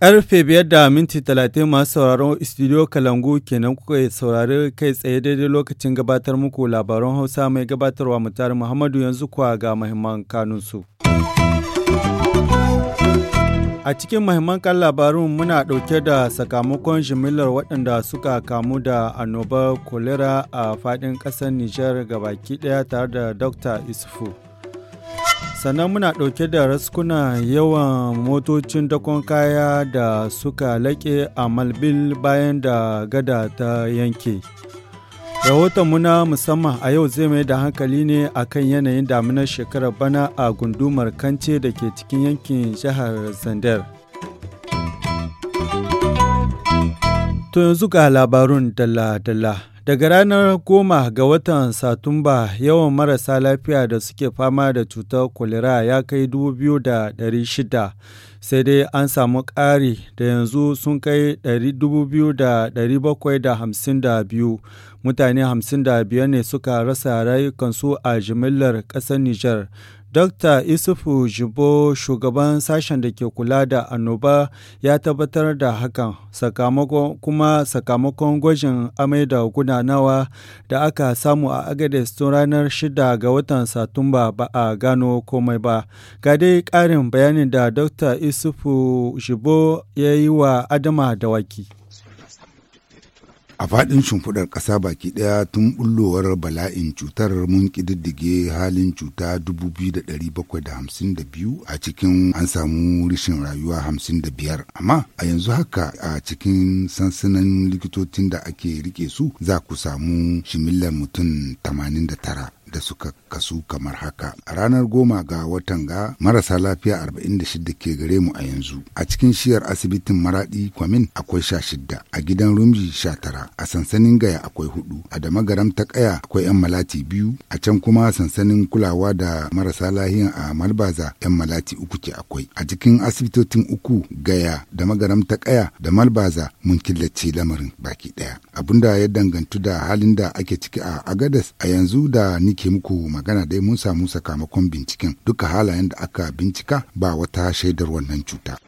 Karfe biyar da minti talatin masu sauraron studio Kalangu kenan kuka saurari kai tsaye daidai lokacin gabatar muku labaran Hausa mai gabatarwa mutar Muhammadu yanzu kuwa ga mahimman kanunsu. A cikin mahimman kan labarun muna ɗauke da sakamakon jimillar waɗanda suka kamu da annobar kolera a faɗin ƙasar Nijar baki ɗaya tare da Dr. Isufu. Sannan muna ɗauke da raskuna yawan motocin dakon kaya da suka laƙe a Malbil bayan da gada ta yanke. rahoton muna musamman a yau zai mai da hankali ne a kan yanayin damunar shekarar bana a gundumar Kance da ke cikin yankin jihar Zandar. To yanzu ga labarun dalla-dalla. Daga ranar goma ga watan Satumba yawan marasa lafiya da suke fama da cutar kwalera ya kai 2,600 sai dai an samu ƙari da yanzu sun kai 2,752 mutane 55 ne suka rasa rayukansu a jimillar ƙasar Nijar. Dr. Isufu Jibo, shugaban sashen da ke kula da annoba, ya tabbatar da hakan, sakamakon kuma sakamakon gwajin amai da gudanawa da aka samu a Agades tun ranar shida ga watan Satumba ba a gano komai ba. Ga dai ƙarin bayanin da Dr. Isufu Jibo ya yi wa Adama Dawaki. A faɗin shimfiɗar ƙasa baki ɗaya tun bullowar bala'in cutar mun ƙididdige halin cuta 2,752 a cikin an samu rishin rayuwa 55. Amma a yanzu haka a cikin sansanin likitocin da ake rike su za ku samu shimillar mutum 89. da suka kasu kamar haka. A ranar goma ga watan ga marasa lafiya 46 ke gare mu a yanzu. A cikin shiyar asibitin Maradi Kwamin akwai sha shida a gidan Rumji sha tara, a sansanin Gaya akwai hudu, a da magaram ta Kaya akwai 'yan malati biyu, a can kuma sansanin kulawa da marasa lahiyan a Malbaza 'yan malati uku ke akwai. A cikin asibitocin uku Gaya da magaram ta Kaya da Malbaza mun killace lamarin baki daya. da ya dangantu da halin da ake ciki a Agadas a yanzu da nike ke muku magana dai mun samu sakamakon binciken duka halayen da aka bincika ba wata shaidar wannan cuta.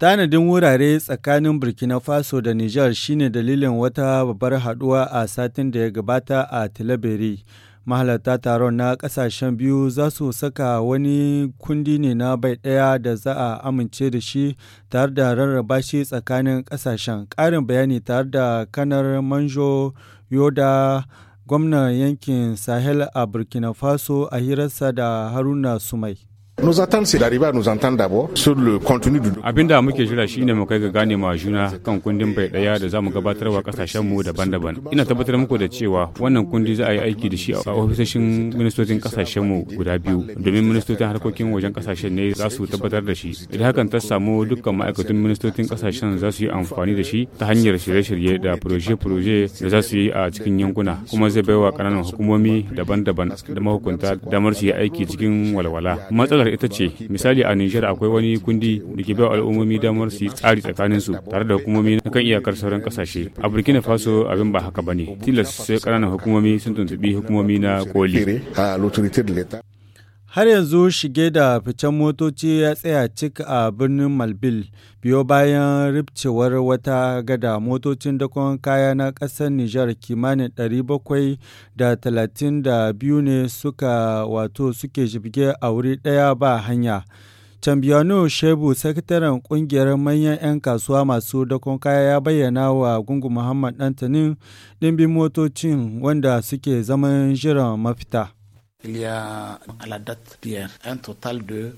Tanadin wurare tsakanin Burkina Faso da Nijar shine dalilin wata babbar haduwa a satin da ya gabata a Tilaberi. mahalarta taron na kasashen biyu za su saka wani kundi ne na bai ɗaya da za a amince da shi tare da rarraba shi tsakanin kasashen ƙarin bayani tare da kanar manjo yoda gwamnan yankin sahel a burkina faso a hirarsa da haruna sumai Nous attendons c'est d'arriver à nous entendre d'abord sur le contenu du Abinda muke jira shine mu kai ga gane ma juna kan kundin bai daya da zamu gabatar wa kasashen mu daban-daban. Ina tabbatar muku da cewa wannan kundi za a yi aiki da shi a ofisoshin ministocin kasashen mu guda biyu domin ministocin harkokin wajen kasashen ne za su tabbatar da shi. Idan hakan ta samu dukkan ma'aikatan ministocin kasashen za su yi amfani da shi ta hanyar shirye-shirye da proje-proje da za su yi a cikin yankuna kuma zai wa kananan hukumomi daban-daban da mahukunta damar su yi aiki cikin walwala. Matsalar matsalar ita ce misali a Nijar akwai wani kundi da ke bai al'ummomi damar su yi tsari tsakanin su tare da hukumomi na kan iyakar sauran kasashe. A Burkina Faso abin ba haka bane. Tilas sai ƙananan hukumomi sun tuntubi hukumomi na koli. Har yanzu shige da ficen motoci ya tsaya cik a birnin Malbil biyo bayan ribcewar wata gada motocin dakon kaya na ƙasar Nijar kimanin 732 ne suka wato suke jibge a wuri ɗaya ba hanya. Tambiyano Shebu, sakataren kungiyar manyan 'yan kasuwa masu dakon kaya ya bayyana wa gungu Muhammad Dantanin ɗimbin motocin wanda suke zaman jiran mafita. Il y a à la date d'hier un total de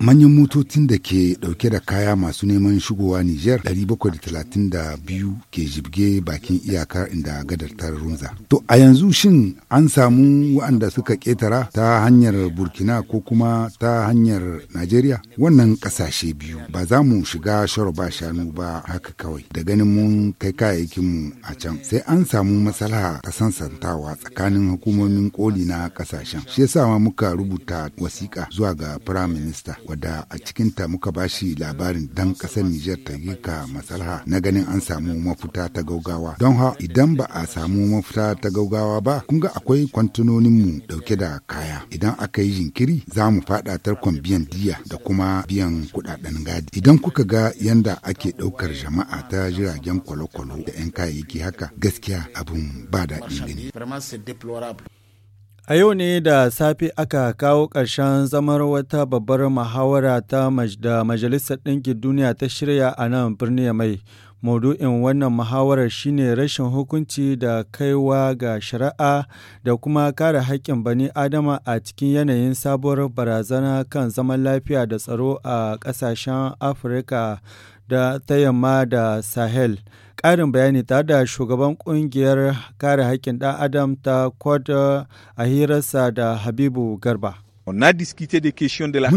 Manyan motocin da ke dauke da kaya masu neman shigowa Nijar 732 ke jibge bakin iyaka inda gadar ta runza. To a yanzu shin an samu waɗanda suka ƙetara ta hanyar Burkina ko kuma ta hanyar Najeriya? Wannan ƙasashe biyu ba za mu shiga ba shanu ba haka kawai da ganin mun kai kayayyakin mu a can sai an samu matsala ta sansantawa tsakanin hukumomin koli na ƙasashen. Shi yasa muka rubuta wasiƙa zuwa ga ga Prime Minister wadda a cikinta muka ba shi labarin dan ƙasar Nijar ta yi ka masalha na ganin an samu mafuta ta gaugawa. Don ha idan ba a samu mafuta ta gaugawa ba kun ga akwai mu dauke da kaya. Idan aka yi jinkiri za mu faɗa tarkon biyan diya da kuma biyan kudaden gadi. Idan kuka ga yanda ake ɗaukar jama'a ta jiragen kwalokwalo da 'yan kayayyaki haka gaskiya abun ba daɗin gani. A yau ne da safe aka kawo ƙarshen zamar wata babbar muhawara ta majda da Majalisar Ɗinkin Duniya ta shirya a nan birni mai. Maudu'in wannan muhawarar shine rashin hukunci da kaiwa ga shari'a da kuma kare haƙƙin bani Adama a cikin yanayin sabuwar barazana kan zaman lafiya da tsaro a ƙasashen Afirka da ta yamma da Sahel. ƙarin bayani tare da shugaban ƙungiyar kare haƙƙin ɗan adam ta kwada a hirarsa da Habibu Garba. Mun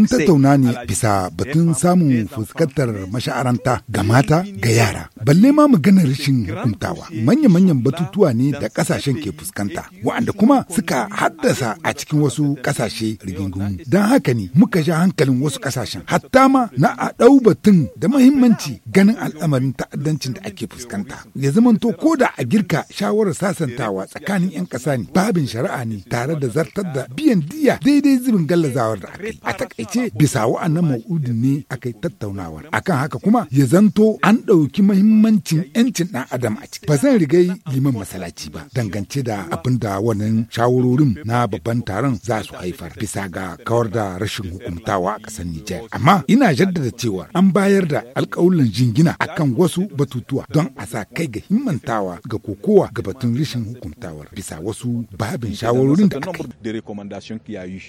tattauna ne bisa batun samun fuskantar masha'aranta ga mata ga yara. Balle ma maganar rashin hukuntawa. Manya-manyan batutuwa ne da ƙasashen ke fuskanta, wa'anda kuma suka haddasa a cikin wasu ƙasashe rigingimu. Don haka ne muka sha hankalin wasu ƙasashen, hatta ma na a ɗau batun da mahimmanci ganin al'amarin ta'addancin da ake fuskanta. Ya zamanto ko da a girka shawarar sasantawa tsakanin 'yan ƙasa ne, babin shari'a ne tare da zartar da biyan diya daidai zuba. irin gallazawar da aka yi a takaice bisa wa'annan ma'udin ne aka yi tattaunawar akan haka kuma ya zanto an ɗauki mahimmancin 'yancin ɗan adam a ciki ba zan rigai liman masalaci ba dangance da abin da wannan shawarorin na babban taron za su haifar bisa ga kawar da rashin hukuntawa a ƙasar Nijar. Amma ina jaddada cewa an bayar da alƙawulan jingina akan wasu batutuwa don a sa kai ga himmantawa ga kokowa ga batun rashin hukuntawar bisa wasu babin shawarorin da aka yi.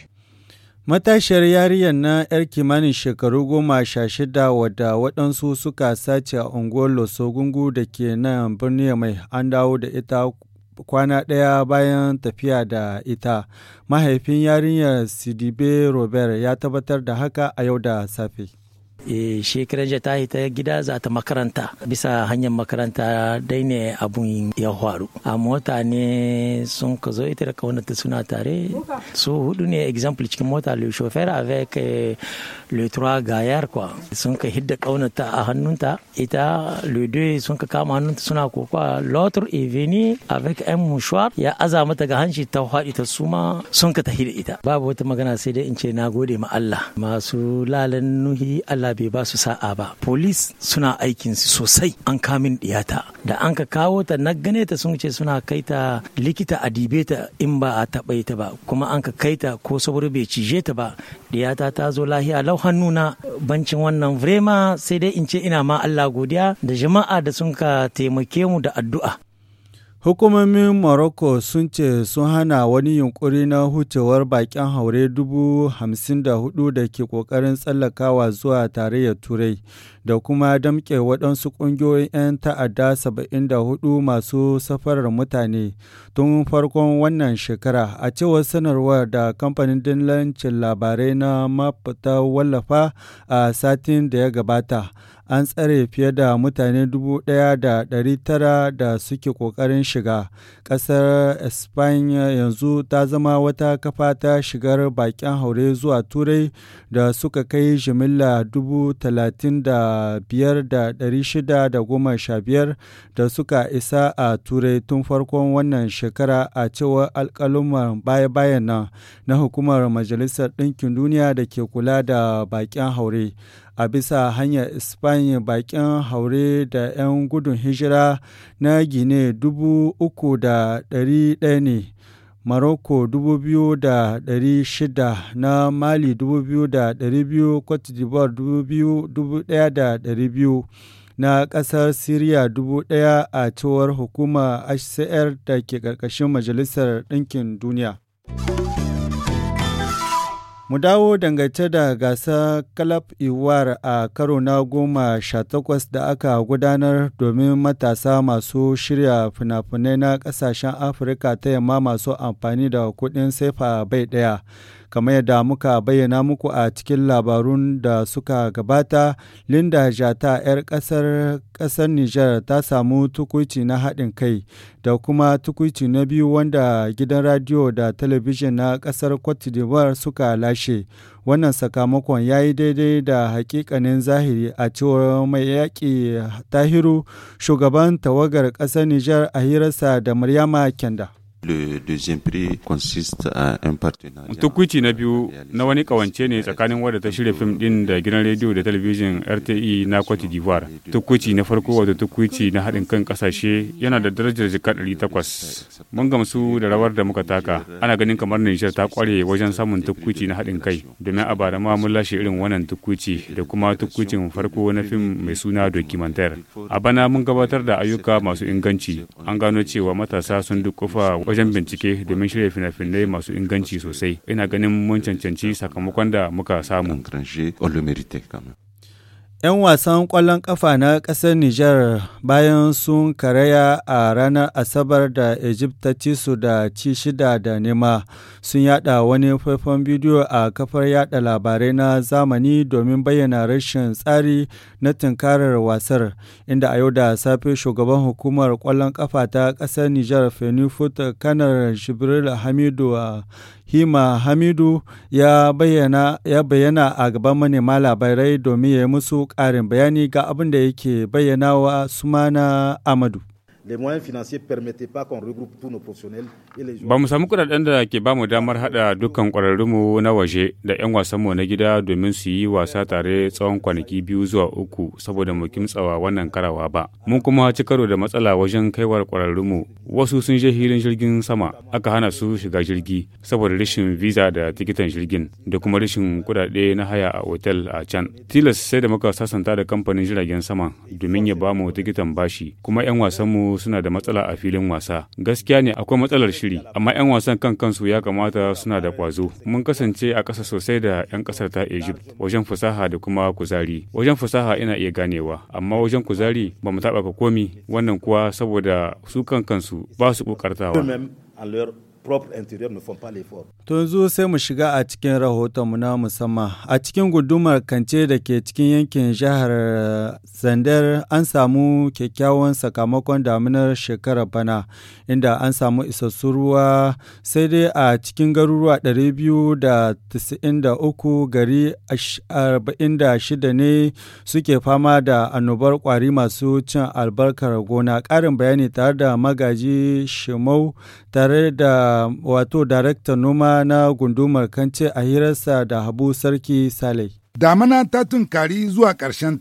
Matashiyar yarinyar na 'yar kimanin shekaru goma sha shida wadda waɗansu suka sace a unguwar Losogungu da ke nan birni mai an dawo da ita kwana ɗaya bayan tafiya da ita. Mahaifin yarinyar Sidibe Robert ya tabbatar da haka a yau da safe. E, shi jiya ta ta gida za ta makaranta bisa hanyar makaranta dai ne abun ya faru a mota ne sun ka zo ita da kaunata suna tare su hudu ne example cikin mota le chauffeur avec eh, le trois gaillard kwa sun ka hidda kaunata a hannunta ita le deux sun ka kama hannunta suna kokowa l'autre est venu avec un mouchoir ya aza mata ga hanci ta faɗi ta suma sun ka ta da ita babu wata magana sai dai in ce na gode ma Allah masu lalan nuhi Allah bai ba su sa'a ba polis suna aikin su sosai an kamin diyata da an ka kawo ta na gane ta sun ce suna kai ta likita a dibe ta in ba a taɓa ita ba kuma an ka kai ta ko saboda bai cije ta ba diyata ta zo lahiya lau hannu na. bancin wannan vrema sai dai in ce ina ma Allah godiya da jama'a da sun ka taimake mu da addu'a Hukumomin Morocco sun ce sun hana wani yunƙuri na hucewar baƙin haure 54,000 da ke ƙoƙarin tsallakawa zuwa Tarayyar Turai. da kuma damƙe waɗansu ƙungiyoyin 'yan ta'adda 74 masu safarar mutane tun farkon wannan shekara a cewar sanarwar da kamfanin dillancin labarai na mafita wallafa a satin da ya gabata an tsare fiye da mutane 1,900 da suke ƙoƙarin shiga ƙasar espanya yanzu ta zama wata kafa ta shigar bakin haure zuwa turai da suka kai jimilla 30,000 da biyar da sha da suka isa a turai tun farkon wannan shekara a cewar alƙalumar baya-bayan nan na hukumar majalisar ɗinkin duniya da ke kula da baƙin haure a bisa hanyar Espanya bakin haure da 'yan gudun hijira na Gine dubu uku da ɗari ne Morocco 2,600 na Mali 2,200, Cote d'Ivoire 1,200 na ƙasar Siriya 1,000 a cewar hukumar HCR da ke ƙarƙashin Majalisar Ɗinkin Duniya. Mu dawo dangance da gasa Kalab Iwar a karo na goma sha takwas da aka gudanar domin matasa masu shirya fina-finai na ƙasashen Afirka ta yamma masu amfani da kuɗin sefa bai ɗaya. kamar yadda muka bayyana muku a cikin labarun da suka gabata linda jata 'yar ƙasar ƙasar niger ta samu tukuci na haɗin kai da kuma tukuci na biyu wanda gidan radiyo da talabijin na ƙasar cote d'ivoire suka lashe wannan sakamakon ya yi daidai da hakikanin zahiri a cewar mai yaƙi tahiru shugaban tawagar ƙasar niger a hirarsa da maryama kenda Tukuici na biyu na wani kawance ne tsakanin wadda ta shirya fim din da gidan rediyo da talabijin RTI e na Cote d'Ivoire. Tukuici na farko wata tukkuci na haɗin kan ƙasashe yana da darajar jika takwas. Mun gamsu da rawar da muka taka. Ana ganin kamar Nijar ta kware wajen samun tukkuci na haɗin kai. Domin a bara ma mun lashe irin wannan tukkuci, da kuma tukuicin farko na fim mai suna documentaire. A bana mun gabatar da ayyuka masu inganci. An gano cewa matasa sun dukufa wajen bincike domin shirya fina-finai masu inganci sosai ina ganin mun cancanci sakamakon da muka samu 'Yan wasan ƙwallon ƙafa na ƙasar Nijar bayan sun karaya a ranar Asabar da Egypt ta ci su da ci shida da nema sun yada wani faifan bidiyo a kafar yada labarai na zamani domin bayyana rashin tsari na tunkarar wasar inda a yau da safe shugaban hukumar ƙwallon ƙafa ta ƙasar Nijar Fenifut Kanar Jibril Hamidu Hima Hamidu ya bayyana, ya bayyana a gaban manema labarai domin ya yi musu ƙarin bayani ga abin da yake bayyana wa Sumana Amadu. les moyens financiers permettaient pas qu'on regroupe tous nos professionnels et les joueurs. Ba mu samu kudaden da ke bamu mu damar hada dukkan kwararrunmu na waje da 'yan wasanmu na gida domin su yi wasa tare tsawon kwanaki biyu zuwa uku saboda mu kimtsawa wannan karawa ba. Mun kuma ci karo da matsala wajen kaiwar kwararrunmu. Wasu sun je hirin jirgin sama aka hana su shiga jirgi saboda rashin visa da tikitan jirgin da kuma rashin kudade na haya a otel a can. Tilas sai da muka sasanta da kamfanin jiragen sama domin ya bamu tikitan bashi kuma 'yan wasanmu suna da matsala a filin wasa. Gaskiya ne akwai matsalar shiri, amma 'yan wasan kan kansu ya kamata suna da kwazo. Mun kasance a ƙasa sosai da 'yan ƙasar ta Egypt wajen fasaha da kuma kuzari. Wajen fasaha ina iya ganewa, amma wajen kuzari ba mu taɓa komi wannan kuwa saboda su kan kansu ba su ƙoƙartawa. propre intérieur ne font pas l'effort. sai mu shiga a cikin rahotonmu na musamman. A cikin gudumar Kance da ke cikin yankin jihar Zandar an samu kyakkyawan sakamakon daminar shekarar bana inda an samu isassun ruwa sai dai a cikin garuruwa 293 gari 46 ne suke fama da annobar kwari masu cin albarkar gona. Ƙarin bayani tare da magaji Shimau tare da Um, wato daraktan noma na gundumar kance a hirarsa da habu sarki saleh Damana ta tunkari zuwa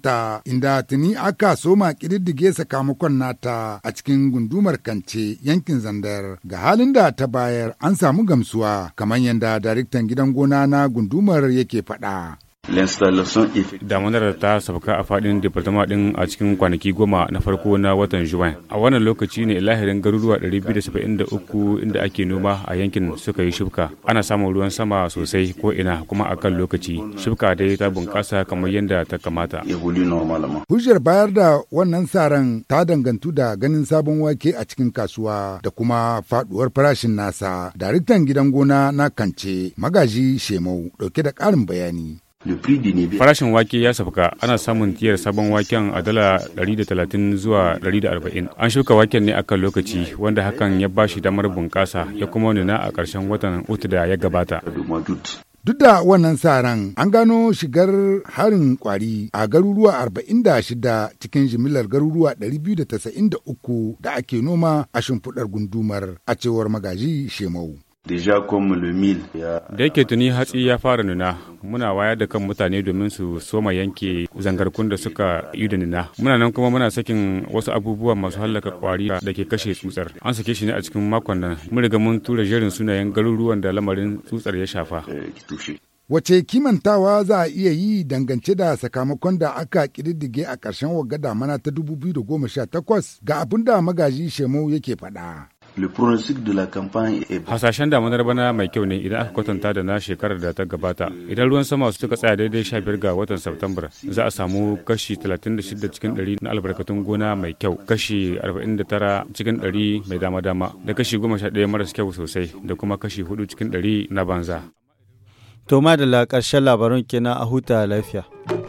ta inda tuni aka soma ƙididdige sakamakon nata a cikin gundumar Kance yankin Zandar ga halin da ta bayar an samu gamsuwa kamar yadda daraktan gidan gona na gundumar yake faɗa. da ta sabka a fadin departama din a cikin kwanaki goma na farko na watan Juwan. A wannan lokaci ne lahirin garuruwa 273 inda ake noma a yankin suka yi shubka Ana samun ruwan sama sosai ko ina kuma a kan lokaci. shubka dai ta bunƙasa kamar yadda ta kamata. Hujjar bayar da wannan tsaron ta dangantu da ganin sabon wake a cikin kasuwa da kuma faduwar farashin nasa. Daraktan gidan gona na Kance, Magaji Shemau, dauke da ƙarin bayani. Farashin wake ya sauka ana samun tiyar sabon waken a dala 130 zuwa 140. An shuka waken ne akan lokaci wanda hakan ya ba shi damar bunƙasa ya kuma nuna a ƙarshen watan uku da ya gabata. Duk da wannan sa ran an gano shigar harin kwari a garuruwa 46 cikin jimillar garuruwa 293 da ake noma a shimfiɗar gundumar a cewar magaji Shemau. Da yake tuni hatsi ya fara nuna, muna wayar da kan mutane domin su soma yanke zangarkun da suka yi da nuna. Muna nan kuma muna sakin wasu abubuwa masu hallaka kwari da ke kashe tsutsar. An sake shi ne a cikin makon nan. Mun riga mun tura jerin sunayen garuruwan da lamarin tsutsar ya shafa. Eh, Wace kimantawa za a iya yi dangance da sakamakon da aka kididdige a ƙarshen wagga mana ta 2018 ga abin da magaji shemu yake faɗa. Le pronostic de la campagne est bon. Hasashen damanar bana mai kyau ne idan aka kwatanta da na shekarar da ta gabata. Idan ruwan sama suka tsaya daidai 15 ga watan Satumbar, za a samu kashi 36 cikin 100 na albarkatun gona mai kyau, kashi 49 cikin 100 mai dama-dama, da kashi 11 maras kyau sosai, da kuma kashi 4 cikin 100 na banza. da la ƙarshen labarun kenan a huta lafiya.